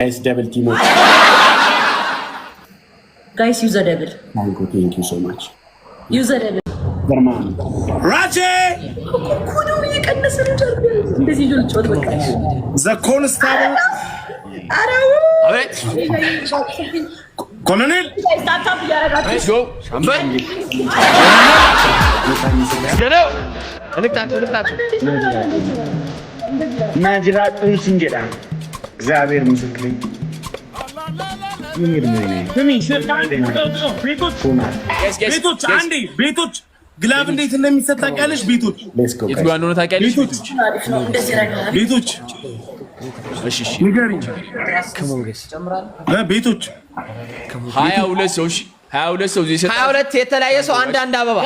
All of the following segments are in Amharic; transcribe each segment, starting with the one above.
Guys, devil Timo. Guys, user devil. Mango, thank you so much. User devil. Verman. Raje! ኮኖም እየቀነሰ ነው። ጀርባ እንደዚህ ልጆች ወጥ በቃ ዘኮን ስታባ አራው አቤት ኮሎኔል ስታታፕ እያረጋችሁ ሻምበል ገነው እንቅጣት እንቅጣት ናጅራጥን ሲንጀዳ እግዚአብሔር ምስክሬ ቤቶች ግላብ እንዴት እንደሚሰጥ ታውቂያለሽ? ቤቶች የት ጋር እንደሆነ ታውቂያለሽ? ቤቶች ንገሪኝ። ቤቶች ሀያ ሁለት ሰው ሀያ ሁለት ሰው ሀያ ሁለት የተለያየ ሰው አንድ አንድ አበባ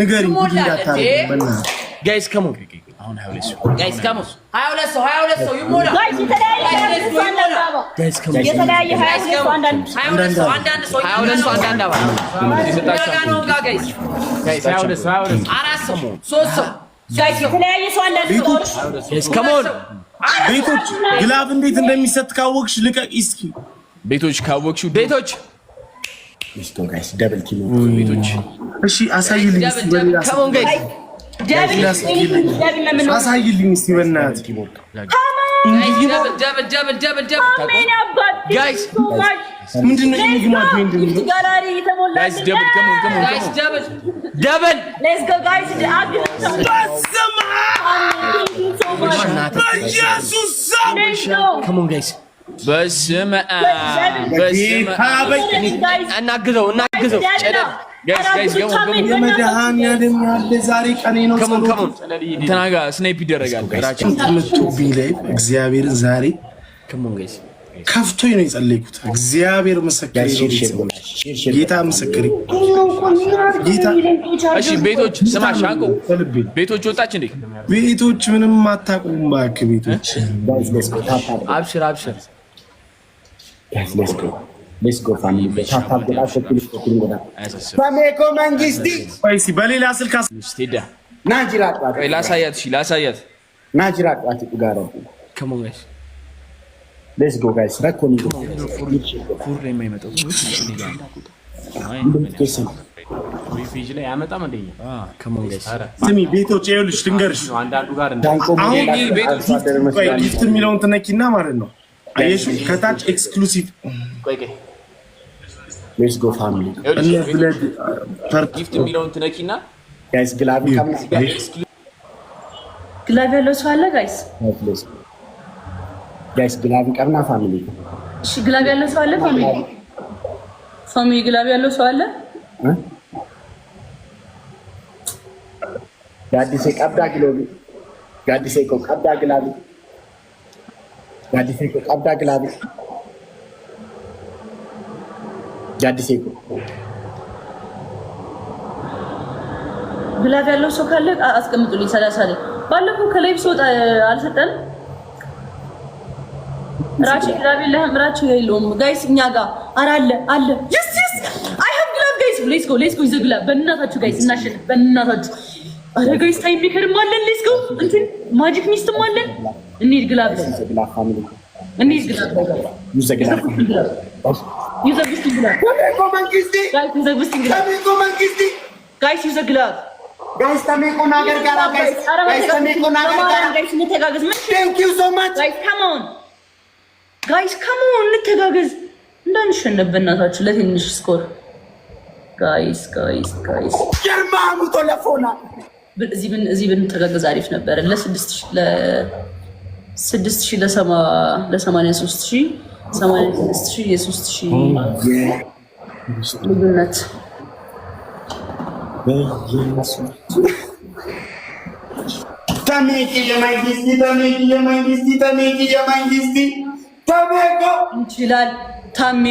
ንገሪኝ። አሁን 22 ሰው ጋይስ ከሙስ 22 ሰው 22 ሰው ይሞላ ጋይስ የተለያየ 22 ሰው አንዳንድ ጋይስ ከሙስ የተለያየ 22 ሰው አንዳንድ ሰው 22 ሰው አንዳንድ ሰው 22 ሰው አንዳንድ አባ ነው ጋር ጋይስ ጋይስ 22 ሰው 22 አራት ሰው ሶስት ሰው ጋይስ የተለያየ ሰው አንዳንድ ሰው ጋይስ ከሞን ቤቶች ግላብ እንዴት እንደሚሰጥ ካወቅሽ ልቀቅ እስኪ ቤቶች ካወቅሽው ቤቶች ሚስቶ ጋይስ ደብል ቤቶች እሺ አሳይልኝ አሳይልኝ እስኪ በእናትህ ምንድን ነው የሚግማት? እናግዘው እና የመድኃኒዓለም ያለ ዛሬ ቀኔ ነው። ከሙን እንትና ጋ ስናይፕ ይደረጋል። ራችን እግዚአብሔርን ዛሬ ከፍቶኝ ነው የጸለይኩት። እግዚአብሔር ምስክሬ፣ ጌታ ጌታ። እሺ ቤቶች ስማሽ፣ አንቆ ቤቶች ወጣች እንዴ? ቤቶች ምንም አታውቁም። እባክህ ቤቶች፣ አብሽር አብሽር ሰሜኮ መንግስቲ በሌላ ስልክ ላሳያት ላሳያት ስሚ ቤቶች ይኸውልሽ፣ ልንገርሽ አሁን ቤቶች የሚለውን ትነኪና ማለት ነው። አየሽው ከታች ኤክስክሉሲቭ ሌትስ ጎ ፋሚሊ ጊፍት የሚለውን ትነኪና ጋይስ ግላቪ ግላቪ ያለው ሰው አለ ጋይስ ጋይስ ግላቪ ቀብና ፋሚሊ እሺ ግላቪ ያለው ሰው አለ ፋሚሊ ፋሚሊ ግላቪ ያለው ሰው አለ ጋዲሴ ቀብዳ ግሎቢ ጋዲሴ ቀብዳ ግላቪ ጋዲሴ ቀብዳ ግላቪ የአዲስ ግላፍ ያለው ሰው ካለ አስቀምጡልኝ። ሰላሳ ላይ ባለፈው ከላይ ሰው አልሰጠንም። ራች ግላፍ የለህም ራች የለውም። ጋይስ እኛ ጋር ኧረ አለ አለ። የስ የስ አይ ሀብ ግላፍ ጋይስ፣ ሌትስ ጎ ሌትስ ጎ ይዘ ግላፍ በእናታችሁ ጋይስ፣ እናሸንፍ በእናታችሁ። ኧረ ጋይስ ታይም ሜከርም አለን። ሌትስ ጎ እንትን ማጂክ ሚስትም አለን። እንሂድ ግላፍ እንሂድ ግላፍ ጋይስ ከመሆን እንተጋገዝ እንዳንሸነፍ በእናታችን ለትንሽ ስኮር ጋይስ ጋይስ ጋይስ ጀርማ ሙቶ ለፎና እዚህ ብንተጋገዝ አሪፍ ነበረ። ለስድስት ሺህ ለሰማንያ ሦስት ሺህ ሰማንያ ስድስት ሺህ የሶስት ሺህ ልዩነት ተሜቂ ይችላል ታሜ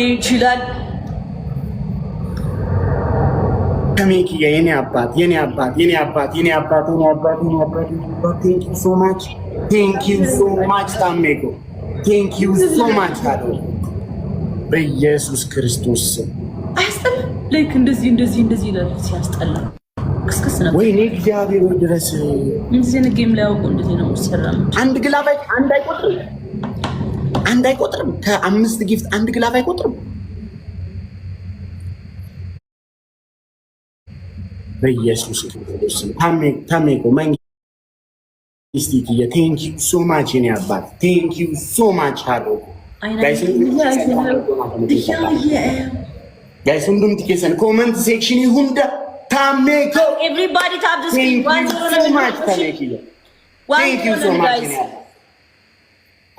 የኔ አባት የኔ አባት የኔ አባት የኔ አባት የኔ አባት የኔ አባት ቴንኪው ሶ ማች ቴንኪው ሶ ማች ታሜቆ ቴንክ ዩ ሶ ማች አለው በኢየሱስ ክርስቶስ ስም። አያስጠላ ላይክ እንደዚህ እንደዚህ እንደዚህ ይላል። ሲያስጠላ ድረስ እንደዚህ ነው። ጌም ላይ እንደዚህ ነው አንድ ግላፍ አንድ አይቆጥርም፣ አንድ አይቆጥርም። ከአምስት ጊፍት አንድ ግላፍ አይቆጥርም። በኢየሱስ ክርስቶስ ታሜ ታሜ ስቲክዬ ቴንክ ዩ ሶ ማች ኔ አባት ቴንክ ዩ ሶ ማች አድርጎ ጋይስ ሁሉም ትኬሰን ኮመንት ሴክሽን ይሁንዳ ታሜኮ አይ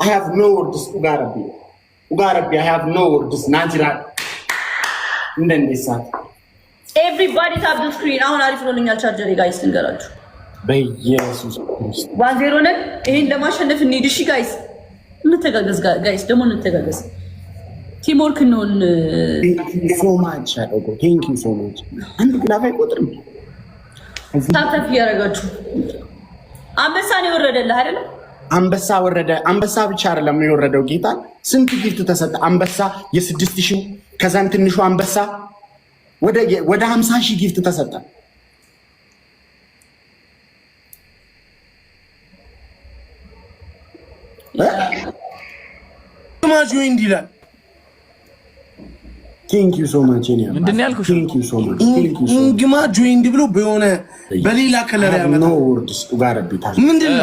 ሃቭ ኖ ወርድስ ኡጋረቢ ኡጋረቢ አይ ሃቭ ኖ ወርድስ ናጅራ እንደንዴሳት ኤቭሪባዲ ታፕ ስክሪን አሁን አሪፍ ሆኖልኛል። ቻርጀሬ ጋይስ ልንገራችሁ በኢየሱስ ክርስቶስ ዜሮ ነን። ይሄን ለማሸነፍ እንሂድ። እሺ ጋይስ እንተጋገዝ፣ ጋይስ ደግሞ እንተጋገዝ። ቲሞርክ ነውን። ሶማች አደጎ ቴንክ ዩ ሶማች። አንድ ግላፍ ቁጥርም ታታፊ እያደረጋችሁ አንበሳ ነው የወረደልህ አይደለም? አንበሳ ወረደ። አንበሳ ብቻ አይደለም የወረደው ጌታ ስንት ጊፍት ተሰጠ? አንበሳ የስድስት ሺህ ከዛን ትንሹ አንበሳ ወደ ሀምሳ ሺህ ጊፍት ተሰጠ። ማች ወይ እንዲህ ይላል። ምንድን ጆይንድ ብሎ በሆነ በሌላ ከለር ያመጣው ምንድን ነው?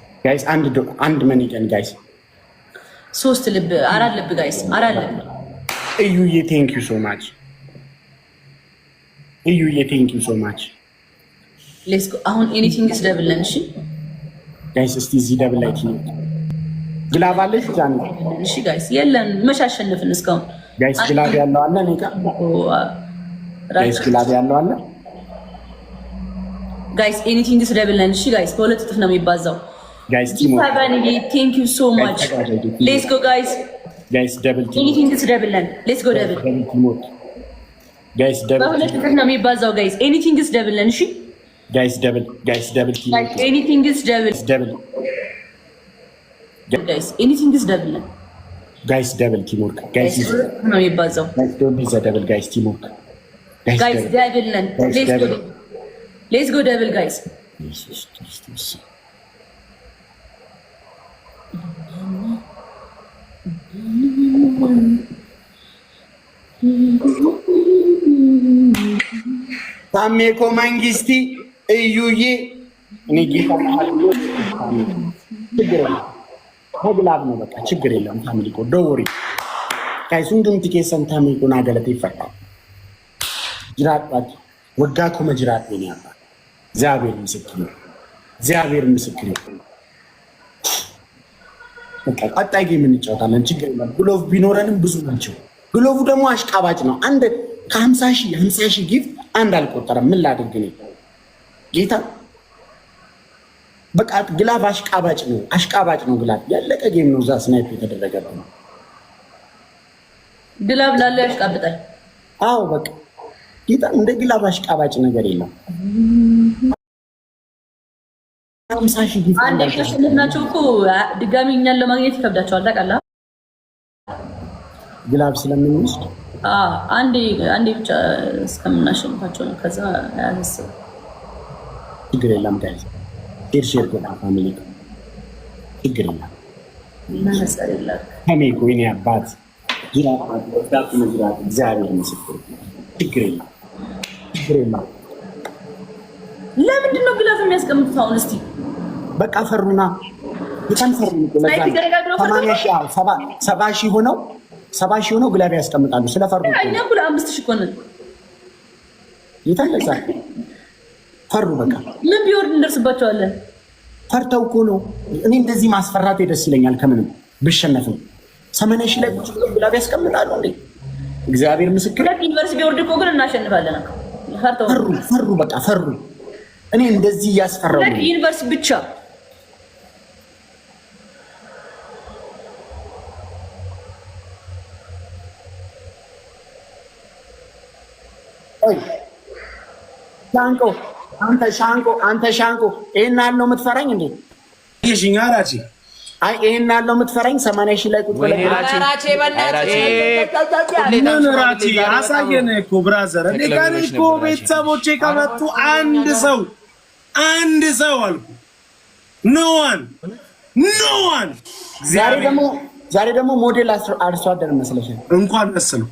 ጋይስ አንድ አንድ መኒገን ጋይስ ሶስት ልብ አራት ልብ ጋይስ አራት ልብ እዩዬ ቴንክ ዩ ሶ ማች እዩዬ ቴንክ ዩ ሶ ማች ሌትስ ጎ አሁን ኤኒቲንግስ ደብል ነን እሺ ጋይስ እስቲ እዚህ ደብል ላይ ትይዩ ግላብ አለሽ ዛን እሺ ጋይስ የለን መቼ አሸነፍን እስካሁን ጋይስ ግላብ ያለው አለ እኔ ጋር ጋይስ ግላብ ያለው አለ ጋይስ ኤኒቲንግስ ደብል ነን እሺ ጋይስ በሁለት እጥፍ ነው የሚባዛው guys thank you so much let's go guys guys double team anything is double let's go double guys double በሁለት ቁጥር ነው የሚባዛው guys anything is double እሺ guys devil. guys devil. team like anything is double devil. guys anything is double guys devil. team work guys ነው የሚባዛው guys don't be the devil. guys team work guys devil. double let's go let's go devil. guys Jesus Christ ታሜኮ መንግስቲ እዩዬ ጌታ ችግር የለም። ተግላብ ነው በቃ ችግር የለም። ታሜኮ ደውሪ ሱንዱም ቲኬሰን ታሜኮን አገለት ይፈራል ጅራጣት ወጋ ኮመ ጅራት ነው ያባ እግዚአብሔር ምስክር ነው። እግዚአብሔር ምስክር ነው። በቃ ቀጣይ ጌም እንጫወታለን። ችግር የለም። ብሎቭ ቢኖረንም ብዙ ናቸው። ግሎቡ ደግሞ አሽቃባጭ ነው። አንድ ከሀምሳ ሺህ ሀምሳ ሺህ ጊፍት አንድ አልቆጠረም። ምን ላድርግ ነው ጌታ በቃ ግላብ አሽቃባጭ ነው፣ አሽቃባጭ ነው ግላብ። ያለቀ ጌም ነው። እዛ ስናይፕ የተደረገ ነው ግላብ ላለው ያሽቃብጣል። አዎ በቃ ጌታ እንደ ግላብ አሽቃባጭ ነገር የለም። ሀምሳ አንድ ያሸንፍ ናቸው እኮ ድጋሚ እኛን ለማግኘት ይከብዳቸዋል። ታውቃለህ ግላብ ስለምንወስድ አንዴ ብቻ እስከምናሸንፋቸው ነው። ከዛ አያስብ ችግር የለም። ጋ ሼር ሼር ፋሚሊ ችግር የለም። ከሜ ኮይኔ አባት ጅራት እግዚአብሔር ምስክር ችግር የለም። ችግር የለም። ለምንድን ነው ግላፍ የሚያስቀምጡት? አሁን እስቲ በቃ ፈሩና በጣም ፈሩ ሰባ ሺህ ሆነው ሰባ ሺህ ሆነው ግላቢ ያስቀምጣሉ። ስለፈሩ አምስት ሺህ ፈሩ በቃ ምን ቢወርድ እንደርስባቸዋለን። ፈርተው እኮ ነው። እኔ እንደዚህ ማስፈራት ደስ ይለኛል ከምንም ብሸነፍም። ሰመነ ሺህ ላይ ግላቢ ያስቀምጣሉ እንዴ! እግዚአብሔር ምስክር። ዩኒቨርሲቲ ቢወርድ እኮ ግን እናሸንፋለን። ፈሩ፣ ፈሩ፣ በቃ ፈሩ። እኔ እንደዚህ እያስፈራው ዩኒቨርሲቲ ብቻ ሻንቆ አንተ ሻንቆ አንተ ሻንቆ ይሄን ያለው የምትፈራኝ እንዴ? ይሽኛ ራቺ አይ ይሄን ያለው የምትፈራኝ 80 ሺህ ላይ ቁጭ ብለህ ራቺ ራቺ አሳየን እኮ ብራዘር። እኔ ጋር እኮ ቤተሰቦቼ ከመጡ አንድ ሰው አንድ ሰው አልኩ ኖዋን ኖዋን ዛሬ ደግሞ ዛሬ ደግሞ ሞዴል አርሶ አደር መስለሽ እንኳን መሰልኩ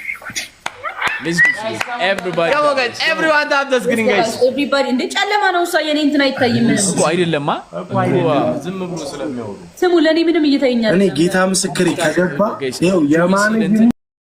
everybody come on guys everyone tap the screen guys everybody እንደ ጨለማ ነው እሷ የኔ እንትን አይታይም እኮ አይደለማ ዝም ብሎ ስለሚያወሩ ስሙ ለኔ ምንም እየታየኛል እኔ ጌታ ምስክሬ ከገባ ይኸው የማን